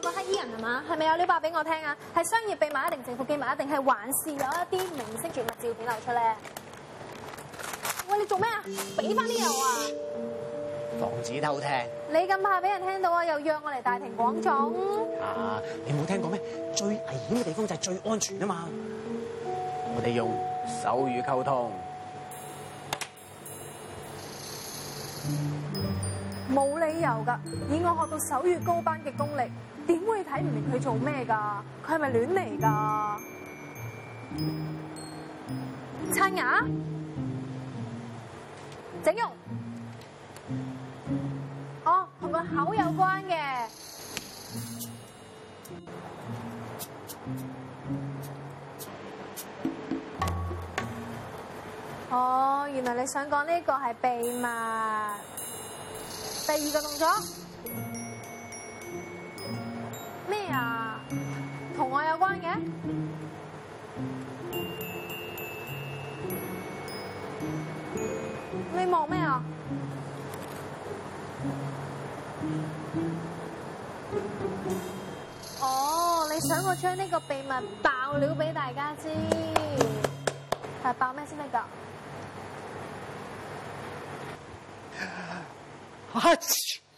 個黑衣人係嘛？係咪有料爆俾我聽啊？係商業秘密啊，定政府秘密啊，定係還是有一啲明星絕密照片流出咧？喂，你做咩啊？俾翻啲油啊！防止偷聽。你咁怕俾人聽到啊？又約我嚟大庭廣眾。啊？你冇聽過咩？最危險嘅地方就係最安全啊嘛！我哋用手語溝通。冇理由㗎！以我學到手語高班嘅功力。點會睇唔明佢做咩㗎？佢係咪亂嚟㗎？刷牙、整容，哦，同個口有關嘅。哦，原來你想講呢個係秘密。第二個動作。咩啊？同我有關嘅？你望咩啊？哦，你想我將呢個秘密爆料俾大家知？係爆咩先得㗎？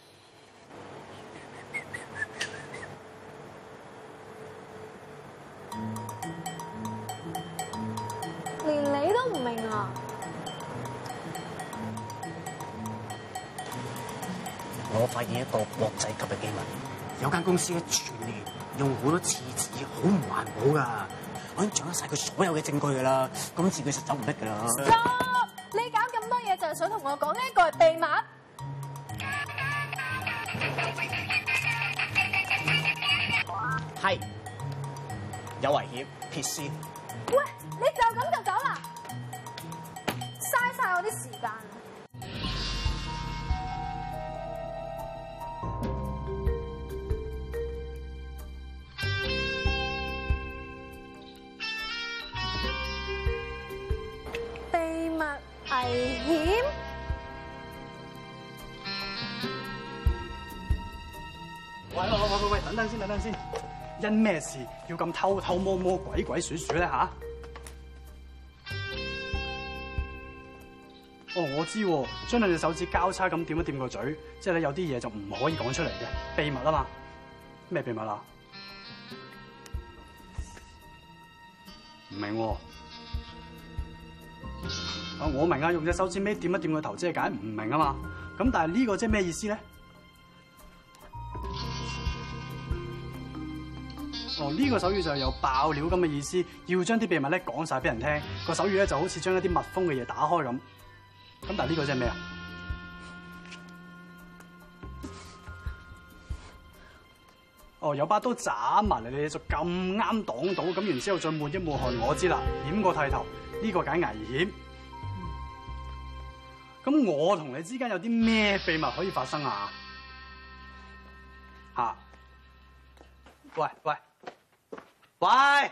我發現一個國際級嘅機密，有間公司嘅全年用好多廁紙，好唔環保㗎。我已經掌握晒佢所有嘅證據㗎啦，今次佢實走唔得㗎啦。叔，你搞咁多嘢就係想同我講呢個係秘密？係， 有危險，撇先。喂，你就咁就走啦，啊？嘥晒我啲時間。危險！喂喂喂喂等等先，等等先，因咩事要咁偷偷摸摸，鬼鬼祟祟咧吓？哦，我知，將兩隻手指交叉咁掂一掂個嘴，即係咧有啲嘢就唔可以講出嚟嘅，秘密啊嘛。咩秘密啊？唔明喎。我明啊，用隻手指尾掂一掂個頭，即係解唔明啊嘛。咁但係呢個即係咩意思咧？哦，呢個手語就有爆料咁嘅意思，要將啲秘密咧講晒俾人聽。個手語咧就好似將一啲密封嘅嘢打開咁。咁但係呢個即係咩啊？哦，有把刀斬埋嚟，你，就咁啱擋到，咁然之後再抹一抹汗，我知啦，掩個剃頭呢個解危險。咁我同你之間有啲咩秘密可以發生啊？吓？喂喂喂！